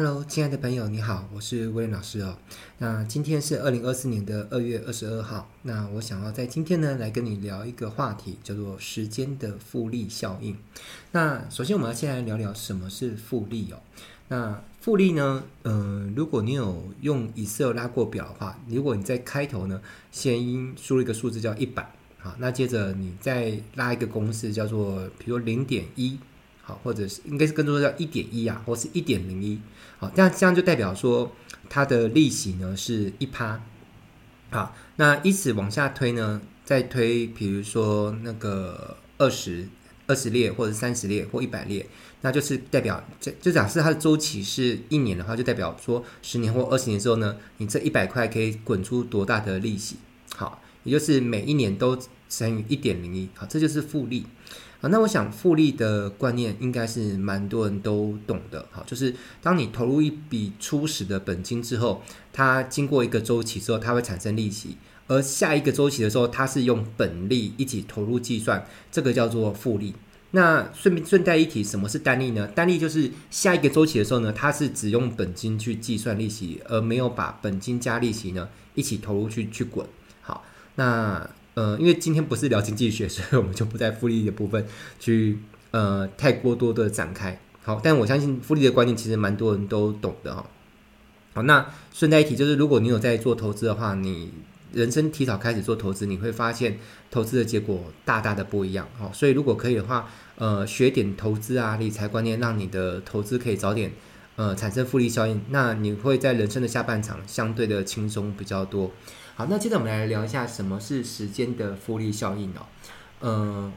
Hello，親愛的朋友，你好，我是威廉老師哦。那今天是二零二四年的二月二十二號。那我想要在今天呢，來跟你聊一個話題，叫做時間的複利效應。那首先，我們要先來聊聊什麼是複利哦。那複利呢，嗯、呃，如果你有用 Excel 拉過表的話，如果你在開頭呢，先輸入一個數字叫一百，好，那接着你再拉一個公式，叫做比如零點一。好，或者是應該是更多叫一點一啊，或是一點零一。好，這樣這樣就代表說它的利息呢是一趴。好，那以此往下推呢，再推，比如說那個二十二十列，或者三十列，或一百列，那就是代表，就就假設它的周期是一年的話，就代表說十年或二十年之後呢，你這一百塊可以滾出多大的利息？好，也就是每一年都乘以一點零一。好，這就是複利。啊，那我想複利的觀念應該是蠻多人都懂的，好，就是當你投入一筆初始的本金之後，它經過一個週期之後，它會產生利息，而下一個週期的時候，它是用本利一起投入計算，這個叫做複利。那順便順帶一提，什麼是單利呢？單利就是下一個週期的時候呢，它是只用本金去計算利息，而沒有把本金加利息呢一起投入去去滾。好，那。呃，因為今天不是聊經濟學，所以我們就不在複利的部分去呃太過多的展開。好，但我相信複利的觀念其實蠻多人都懂的哈、哦。好，那順帶一提，就是如果你有在做投資的話，你人生提早開始做投資，你會發現投資的結果大大的不一樣。好、哦，所以如果可以的話，呃，學點投資啊理財觀念，讓你的投資可以早點。呃，產生複利效應，那你會在人生的下半場相對的輕鬆比較多。好，那接着我們來聊一下什麼是時間的複利效應哦。呃，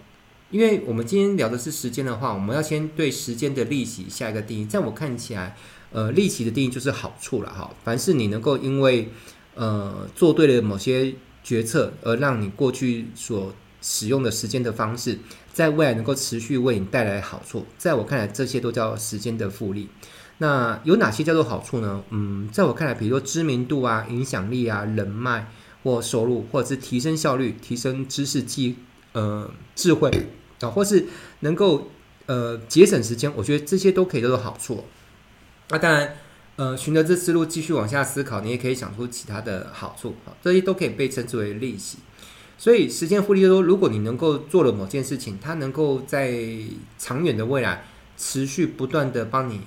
因為我們今天聊的是時間的話，我們要先對時間的利息下一個定義。在我看起來，呃，利息的定義就是好處了哈。凡是你能夠因為呃做對了某些決策，而讓你過去所使用的時間的方式，在未來能夠持續為你帶來好處。在我看來，這些都叫時間的複利。那有哪些叫做好處呢？嗯，在我看來，比如說知名度啊、影響力啊、人脈或收入，或者是提升效率、提升知識技、呃智慧啊、呃，或是能夠呃節省時間，我覺得這些都可以叫做好處。那、啊、當然，呃，循着這思路繼續往下思考，你也可以想出其他的好處啊，這些都可以被稱之為利息。所以，時間複利就是說，如果你能夠做了某件事情，它能夠在長遠的未來持續不斷地幫你。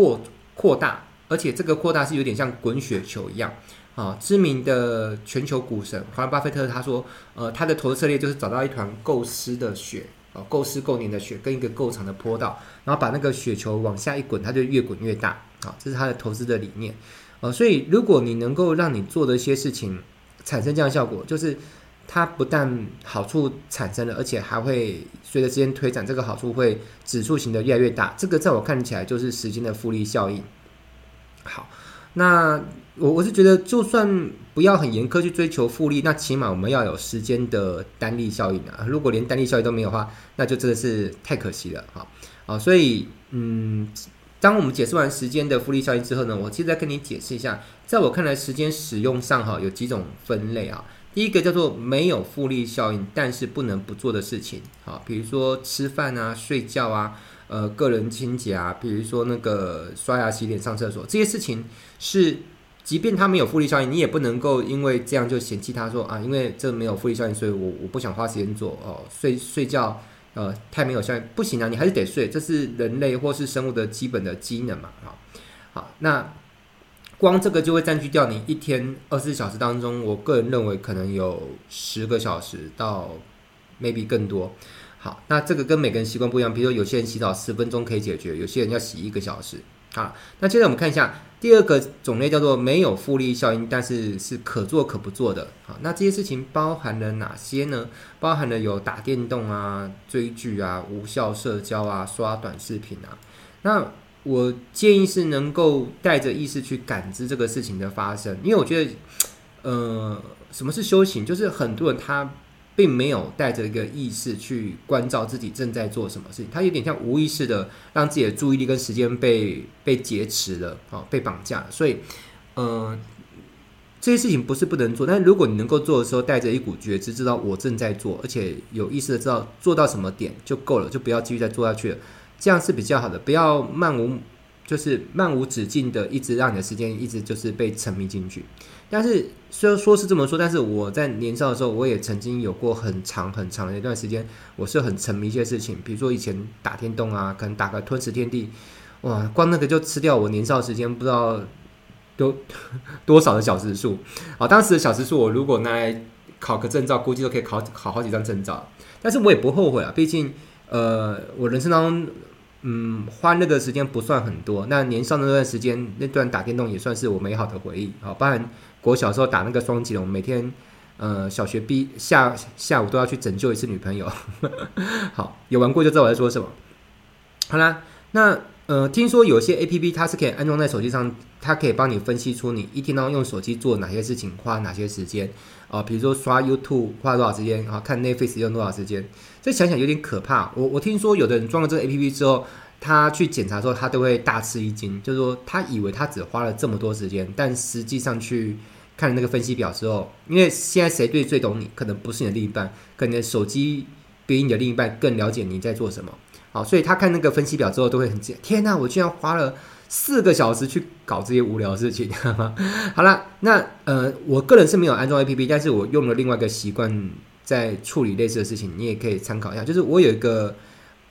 擴擴大，而且這個擴大是有點像滾雪球一樣啊。知名的全球股神，華倫巴菲特他說，呃，他的投資策略就是找到一團夠濕的雪啊，夠濕夠黏的雪，跟一個夠長的坡道，然後把那個雪球往下一滾，它就越滾越大啊。這是他的投資的理念呃，所以，如果你能夠讓你做的一些事情產生這樣的效果，就是。它不但好處產生了，而且還會隨着時間推展，這個好處會指數型的越來越大。這個在我看起來就是時間的複利效應。好，那我我是覺得，就算不要很嚴苛去追求複利，那起碼我們要有時間的單利效應啊。如果連單利效應都沒有的話，那就真的是太可惜了哈。好，所以嗯，當我們解釋完時間的複利效應之後呢，我其實再跟你解釋一下，在我看來，時間使用上哈有幾種分類啊。第一個叫做沒有複利效應，但是不能不做的事情，好，比如說吃飯啊、睡覺啊、呃個人清潔啊，比如說那個刷牙、洗臉、上廁所這些事情，是即便它沒有複利效應，你也不能夠因為這樣就嫌棄他說啊，因為這沒有複利效應，所以我我不想花時間做哦。睡睡覺呃太沒有效應，不行啊，你還是得睡，這是人類或是生物的基本的機能嘛，啊，好那。光這個就會占據掉你一天二十四小時當中，我個人認為可能有十個小時到 maybe 更多。好，那這個跟每個人習慣不一樣，比如說有些人洗澡十分鐘可以解決，有些人要洗一個小時啊。那現在我們看一下第二個種類，叫做沒有複利效應，但是是可做可不做的。好，那這些事情包含了哪些呢？包含了有打電動啊、追劇啊、無效社交啊、刷短視頻啊，那。我建議是能夠帶着意識去感知這個事情的發生，因為我覺得，呃，什麼是修行？就是很多人他並沒有帶着一個意識去觀照自己正在做什麼事情，他有點像無意識的讓自己的注意力跟時間被被劫持了啊、哦，被綁架了。所以，嗯、呃，這些事情不是不能做，但是如果你能夠做的時候，帶着一股覺知，知道我正在做，而且有意識的知道做到什麼點就夠了，就不要繼續再做下去了。這樣是比較好的，不要漫無，就是漫無止境的一直讓你的時間一直就是被沉迷進去。但是雖然說是這麼說，但是我在年少的時候，我也曾經有過很長很長的一段時間，我是很沉迷一些事情，比如說以前打電動啊，可能打個吞食天地，哇，光那個就吃掉我年少時間不知道都多少個小時數。好，當時的小時數，我如果拿來考個證照，估計都可以考考好幾張證照。但是我也不後悔啊，畢竟呃，我人生當中。嗯，花那個時間不算很多。那年少的那段時間，那段打電動也算是我美好的回憶。好，不然，我小時候打那個雙截龍，每天，呃，小學畢下下午都要去拯救一次女朋友。 好，有玩過就知道我在說什麼。好啦，那呃，聽說有些 A P P 它是可以安裝在手機上，它可以幫你分析出你一天當中用手機做哪些事情，花哪些時間。啊，比如說刷 YouTube 花了多少時間啊，看 Netflix 用多少時間，這想想有點可怕。我我聽說有的人裝了這個 A P P 之後，他去檢查之後，他都會大吃一驚，就是說他以為他只花了這麼多時間，但實際上去看了那個分析表之後，因為現在誰最最懂你，可能不是你的另一半，可能手機比你的另一半更了解你在做什麼。好，所以他看那個分析表之後都會很驚，天哪，啊，我居然花了。四個小時去搞這些無聊的事情， 好了，那呃，我個人是沒有安裝 APP，但是我用了另外一個習慣在處理類似的事情，你也可以參考一下。就是我有一個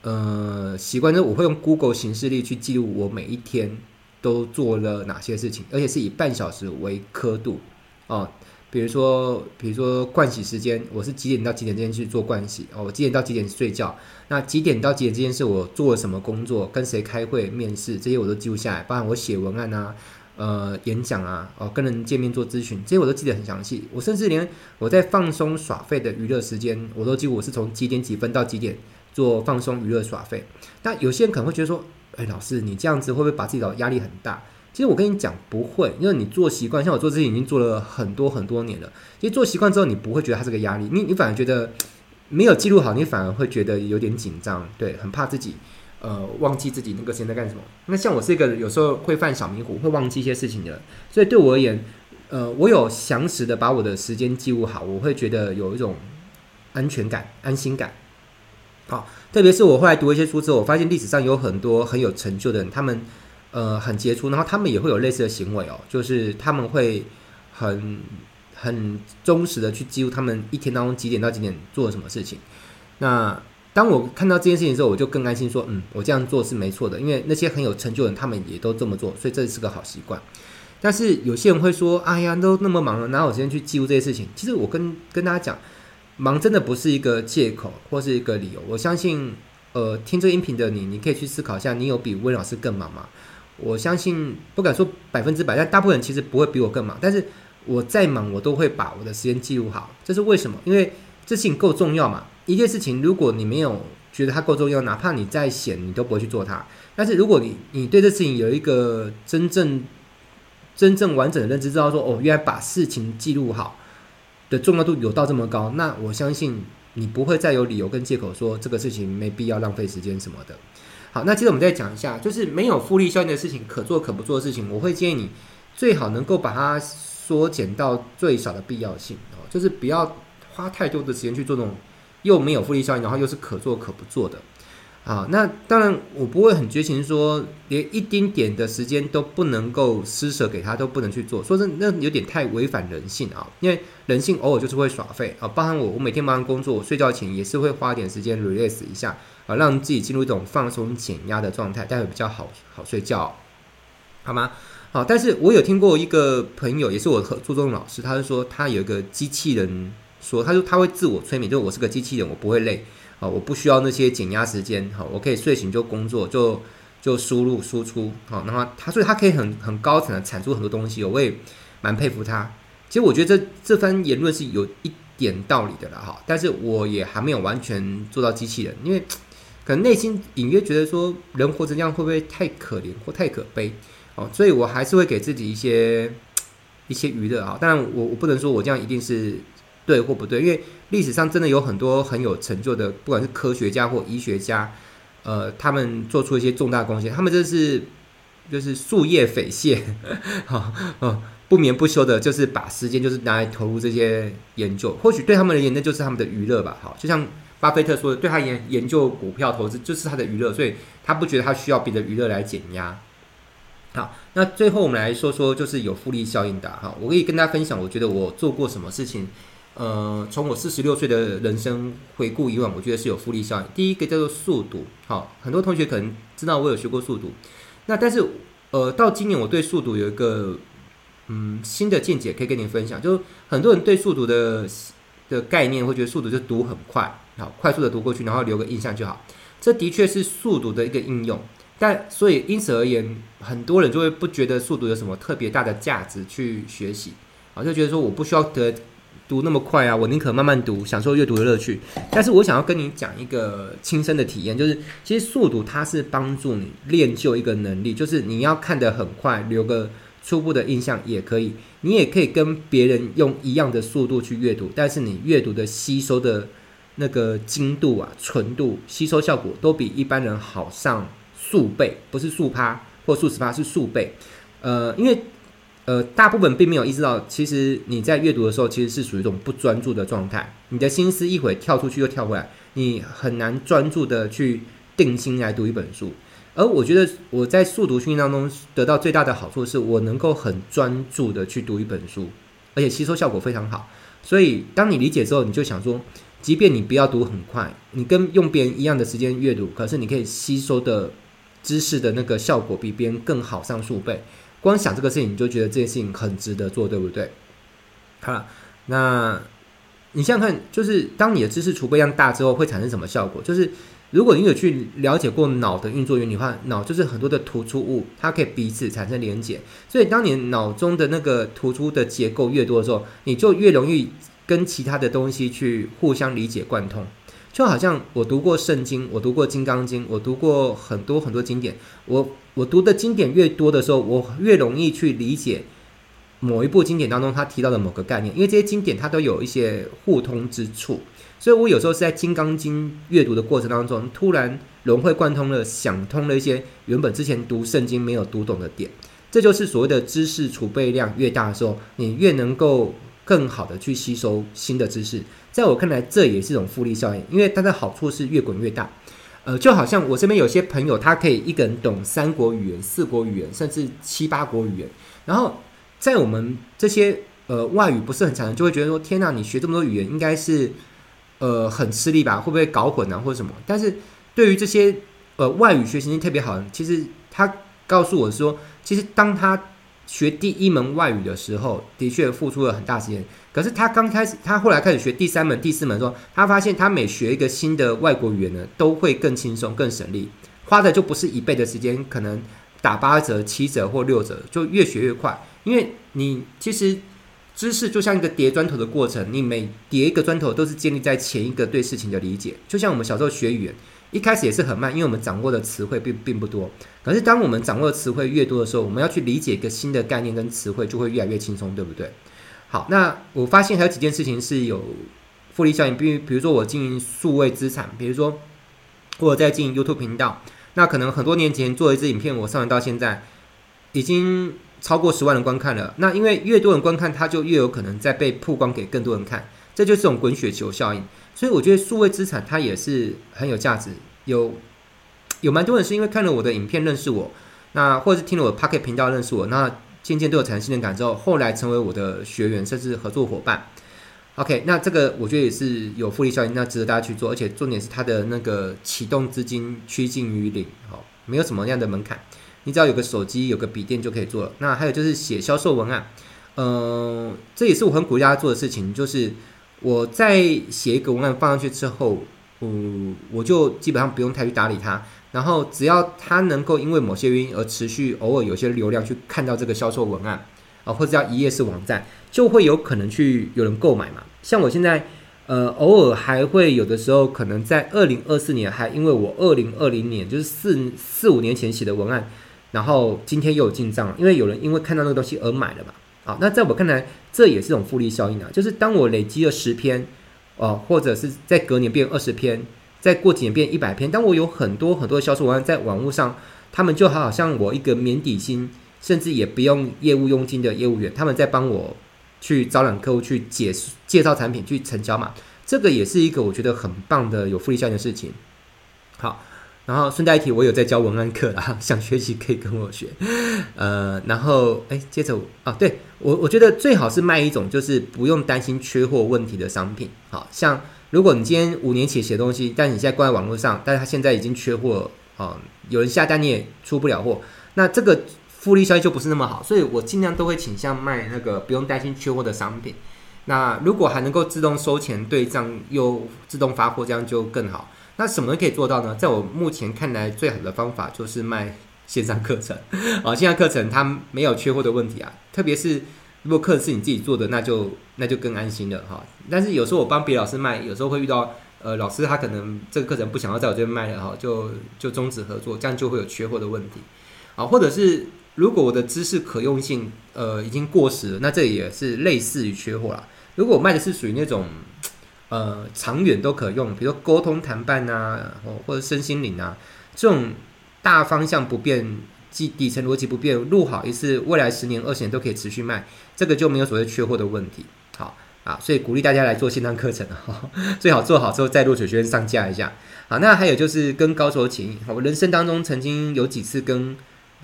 呃習慣，就是我會用 Google 行事曆去記錄我每一天都做了哪些事情，而且是以半小時為刻度哦比如說，比如說，盥洗時間我是幾點到幾點之間去做盥洗？哦，我幾點到幾點睡覺？那幾點到幾點之間是我做了什麼工作？跟誰開會、面試這些我都記錄下來。包括我寫文案啊、呃，演講啊、哦，跟人見面做諮詢，這些我都記得很詳細。我甚至連我在放鬆耍廢的娛樂時間，我都記我是從幾點幾分到幾點做放鬆娛樂耍廢？但有些人可能會覺得說：“哎，老師，你這樣子會不會把自己搞的壓力很大？”其實我跟你講不會，因為你做習慣，像我做自己已經做了很多很多年了。其實做習慣之後，你不會覺得它是個壓力，你你反而覺得沒有記錄好，你反而會覺得有點緊張，對，很怕自己呃忘記自己那個時間在幹什麼。那像我是一個有時候會犯小迷糊，會忘記一些事情的人，所以對我而言，呃，我有詳實的把我的時間記錄好，我會覺得有一種安全感、安心感。好，特別是我後來讀一些書之後，我發現歷史上有很多很有成就的人，他們。呃，很傑出，然後他們也會有類似的行為哦，就是他們會很很忠實的去記錄他們一天當中幾點到幾點做了什麼事情。那當我看到這件事情之後，我就更安心說，嗯，我這樣做是沒錯的，因為那些很有成就的人，他們也都這麼做，所以這是個好習慣。但是有些人會說，哎呀，都那麼忙了，哪有時間去記錄這些事情？其實我跟跟大家講，忙真的不是一個借口，或是一個理由。我相信，呃，聽這音頻的你，你可以去思考一下，你有比溫老師更忙嗎？我相信不敢說百分之百，但大部分人其實不會比我更忙。但是，我再忙，我都會把我的時間記錄好。這是為什麼？因為這事情夠重要嘛。一件事情，如果你沒有覺得它夠重要，哪怕你再閒，你都不會去做它。但是，如果你你對這事情有一個真正、真正完整的認知，知道說哦，原來把事情記錄好的重要度有到這麼高，那我相信你不會再有理由跟借口說這個事情沒必要浪費時間什麼的。好，那接着我們再講一下，就是沒有複利效應的事情，可做可不做的事情，我會建議你最好能夠把它縮減到最小的必要性哦，就是不要花太多的時間去做那種又沒有複利效應，然後又是可做可不做的。啊，那當然，我不會很絕情，說連一丁點的時間都不能夠施捨給他，都不能去做，說是那有點太違反人性啊。因為人性偶爾就是會耍廢啊，包含我，我每天忙完工作，我睡覺前也是會花點時間 release 一下啊，讓自己進入一種放鬆、減壓的狀態，待會比較好好睡覺，哦，好嗎？好，啊，但是我有聽過一個朋友，也是我很注重老師，他就說他有一個機器人說，他就他會自我催眠，就是我是個機器人，我不會累。啊，我不需要那些減壓時間，哈，我可以睡醒就工作，就就輸入輸出，好，那麼他所以他可以很很高層的產出很多東西，我也蠻佩服他。其實我覺得這這番言論是有一點道理的了，哈，但是我也還沒有完全做到機器人，因為可能內心隱約覺得說人活成這樣會不會太可憐或太可悲，哦，所以我還是會給自己一些一些娛樂啊，當然我我不能說我這樣一定是。對或不對？因為歷史上真的有很多很有成就的，不管是科學家或醫學家，呃，他們做出一些重大貢獻。他們這是就是夙夜匪懈，好，好不眠不休的，就是把時間就是拿來投入這些研究。或許對他們而言，那就是他們的娛樂吧。好，就像巴菲特說的，對他研研究股票投資就是他的娛樂，所以他不覺得他需要別的娛樂來減壓。好，那最後我們來說說就是有複利效應的哈。我可以跟大家分享，我覺得我做過什麼事情。呃，從我四十六歲的人生回顧以往，我覺得是有複利效應。第一個叫做速讀，好，很多同學可能知道我有學過速讀。那但是，呃，到今年我對速讀有一個嗯新的見解，可以跟你分享。就是很多人對速讀的的概念會覺得速讀就讀很快，好，快速的讀過去，然後留個印象就好。這的確是速讀的一個應用，但所以因此而言，很多人就會不覺得速讀有什麼特別大的價值去學習，啊，就覺得說我不需要的。讀那麼快啊，我寧可慢慢讀，享受閱讀的樂趣。但是我想要跟你講一個親身的體驗，就是其實速讀它是幫助你練就一個能力，就是你要看得很快，留個初步的印象也可以。你也可以跟別人用一樣的速度去閱讀，但是你閱讀的吸收的那個精度啊、純度、吸收效果都比一般人好上數倍，不是數趴或數十趴，是數倍。呃，因為。呃，大部分並沒有意識到，其實你在閱讀的時候，其實是屬於一種不專注的狀態。你的心思一會兒跳出去，又跳回來，你很難專注的去定心來讀一本書。而我覺得我在速讀訓練當中得到最大的好處，是我能夠很專注的去讀一本書，而且吸收效果非常好。所以當你理解之後，你就想說，即便你不要讀很快，你跟用別人一樣的時間閱讀，可是你可以吸收的知識的那個效果比別人更好上數倍。光想這個事情，你就覺得這件事情很值得做，對不對？好，那你想想看，就是當你的知識儲備量大之後，會產生什麼效果？就是如果你有去了解過腦的運作原理的話，腦就是很多的突出物，它可以彼此產生連接，所以當你腦中的那個突出的結構越多的時候，你就越容易跟其他的東西去互相理解貫通。就好像我讀過聖經，我讀過《金剛經》，我讀過很多很多經典。我我讀的經典越多的時候，我越容易去理解某一部經典當中他提到的某個概念，因為這些經典它都有一些互通之處。所以我有時候是在《金剛經》閱讀的過程當中，突然融會貫通了，想通了一些原本之前讀聖經沒有讀懂的點。這就是所謂的知識儲備量越大的時候，你越能夠，更好的去吸收新的知識，在我看來，這也是一種複利效應，因為它的好處是越滾越大。呃，就好像我身邊有些朋友，他可以一個人懂三國語言、四國語言，甚至七八國語言。然後，在我們這些呃外語不是很強的，就會覺得說：天吶，你學這麼多語言，應該是呃很吃力吧？會不會搞混啊？或者什麼？但是對於這些呃外語學習性特別好，其實他告訴我說，其實當他。學第一門外語的時候，的確付出了很大時間。可是他剛開始，他後來開始學第三門、第四門的時候，他發現他每學一個新的外國語言呢，都會更輕鬆、更省力，花的就不是一倍的時間，可能打八折、七折或六折，就越學越快。因為你其實知識就像一個疊磚頭的過程，你每疊一個磚頭都是建立在前一個對事情的理解。就像我們小時候學語言。一開始也是很慢，因為我們掌握的詞彙並並不多。可是，當我們掌握的詞彙越多的時候，我們要去理解一個新的概念跟詞彙就會越來越輕鬆，對不對？好，那我發現還有幾件事情是有複利效應，比如比如說我經營數位資產，比如說或者在經營 YouTube 頻道，那可能很多年前做一支影片，我上傳到現在已經超過十萬人觀看了。那因為越多人觀看，它就越有可能再被曝光給更多人看。這就是一種滾雪球效應，所以我覺得數位資產它也是很有價值。有有蠻多人是因為看了我的影片認識我，那或者是聽了我的 Podcast 頻道認識我，那漸漸對我產生信任感之後，後來成為我的學員甚至合作夥伴。OK，那這個我覺得也是有複利效應，那值得大家去做。而且重點是它的那個啟動資金趨近於零，哦，沒有什麼樣的門檻，你只要有個手機、有個筆電就可以做了。那還有就是寫銷售文案，嗯、呃，這也是我很鼓勵大家做的事情，就是。我在寫一個文案放上去之後，嗯，我就基本上不用太去打理它。然後只要它能夠因為某些原因而持續偶爾有些流量去看到這個銷售文案啊，或者叫一頁式網站，就會有可能去有人購買嘛。像我現在呃，偶爾還會有的時候，可能在二零二四年還因為我二零二零年就是四四五年前寫的文案，然後今天又有進賬，因為有人因為看到那個東西而買了嘛。啊，那在我看來，這也是一種複利效應啊。就是當我累積了十篇，哦、呃，或者是在隔年變二十篇，再過幾年變一百篇。當我有很多很多的銷售文案在網路上，他們就好像我一個免底薪，甚至也不用業務佣金的業務員，他們在幫我去招攬客戶、去解釋、介紹產品、去成交嘛。這個也是一個我覺得很棒的有複利效應的事情。好。然後順帶一提，我有在教文案課啦，想學習可以跟我學。呃，然後哎，接着啊、哦，對我我覺得最好是賣一種就是不用擔心缺貨問題的商品。好像如果你今天五年前寫東西，但你現在掛在網絡上，但是它現在已經缺貨，啊、哦，有人下單你也出不了貨，那這個複利效應就不是那麼好。所以我盡量都會傾向賣那個不用擔心缺貨的商品。那如果還能夠自動收錢對賬又自動發貨，這樣就更好。那什麼都可以做到呢？在我目前看來，最好的方法就是賣線上課程。好、哦，線上課程它沒有缺貨的問題啊。特別是如果課是你自己做的，那就那就更安心了哈、哦。但是有時候我幫別的老師賣，有時候會遇到呃，老師他可能這個課程不想要在我這邊賣了哈、哦，就就終止合作，這樣就會有缺貨的問題。啊、哦，或者是如果我的知識可用性呃已經過時了，那這也是類似於缺貨啦。如果我賣的是屬於那種。呃，長遠都可用，比如說溝通談判啊，哦、或者身心靈啊，這種大方向不變，即底層邏輯不變，錄好一次，未來十年二十年都可以持續賣，這個就沒有所謂缺貨的問題。好啊，所以鼓勵大家來做線上課程，哦，最好做好之後再落水圈上架一下。好，那還有就是跟高手請益，我人生當中曾經有幾次跟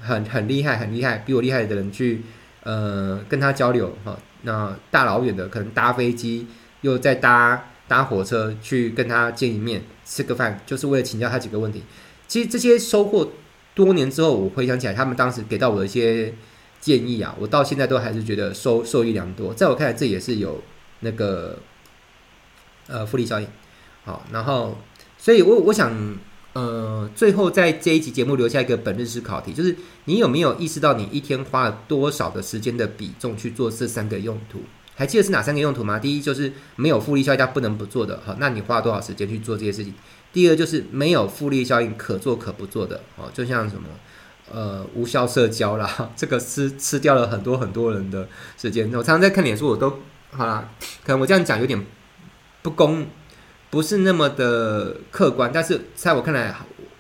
很很厲害、很厲害、比我厲害的人去，呃，跟他交流哈、哦，那大老遠的，可能搭飛機又再搭。搭火車去跟他見一面，吃個飯，就是為了請教他幾個問題。其實這些收穫，多年之後我回想起來，他們當時給到我的一些建議啊，我到現在都還是覺得收受益良多。在我看來，這也是有那個呃複利效應。好，然後，所以我，我我想，呃，最後在這一期節目留下一個本日思考題，就是你有沒有意識到你一天花了多少的時間的比重去做這三個用途？還記得是哪三個用途嗎？第一就是沒有複利效應，它不能不做的哈，那你花了多少時間去做這些事情？第二就是沒有複利效應可做可不做的哦，就像什麼呃無效社交啦，這個吃吃掉了很多很多人的時間。我常常在看臉書，我都好啦，可能我這樣講有點不公，不是那麼的客觀，但是在我看來，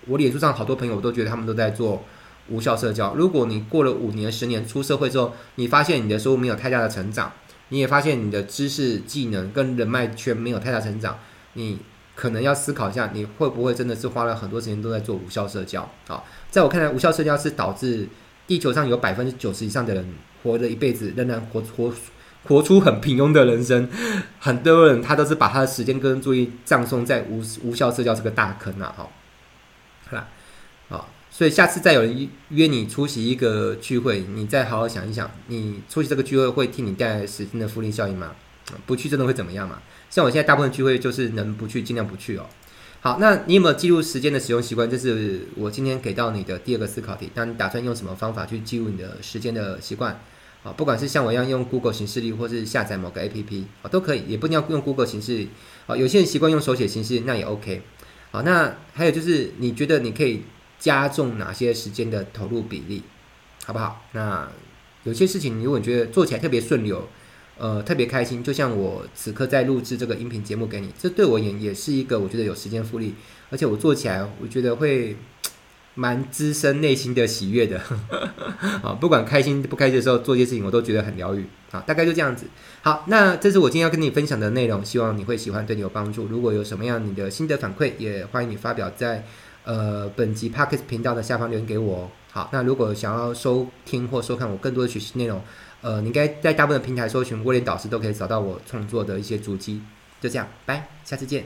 我臉書上好多朋友都覺得他們都在做無效社交。如果你過了五年、十年出社會之後，你發現你的收入沒有太大的成長。你也發現你的知識、技能跟人脈圈沒有太大成長，你可能要思考一下，你會不會真的是花了很多時間都在做無效社交？啊，在我看來，無效社交是導致地球上有百分之九十以上的人活着一輩子，仍然活活活出很平庸的人生。很多人他都是把他的時間跟注意葬送在無無效社交這個大坑啊！哈，啊。所以下次再有人約你出席一個聚會，你再好好想一想，你出席這個聚會會替你帶來時間的複利效應嗎？不去真的會怎麼樣嘛？像我現在大部分聚會就是能不去盡量不去哦。好，那你有沒有記錄時間的使用習慣？這是我今天給到你的第二個思考題。那你打算用什麼方法去記錄你的時間的習慣啊？不管是像我一樣用 Google 行事曆或是下載某個 APP 啊，都可以。也不一定要用 Google 行事曆。啊，有些人習慣用手寫形式，那也 OK。好，那還有就是你覺得你可以。加重哪些時間的投入比例，好不好？那有些事情你如果你覺得做起來特別順流，呃，特別開心，就像我此刻在錄製這個音頻節目給你，這對我也也是一個我覺得有時間複利，而且我做起來我覺得會蠻滋生內心的喜悅的 好。不管開心不開心的時候做些事情，我都覺得很療癒。啊，大概就這樣子。好，那這是我今天要跟你分享的內容，希望你會喜歡，對你有幫助。如果有什麼樣你的心得反饋，也歡迎你發表在。呃，本集 Podcast 頻道的下方留言給我，哦。好，那如果想要收聽或收看我更多的學習內容，呃，你應該在大部分的平台搜尋郭聯導師都可以找到我創作的一些主機。就這樣，拜，下次見。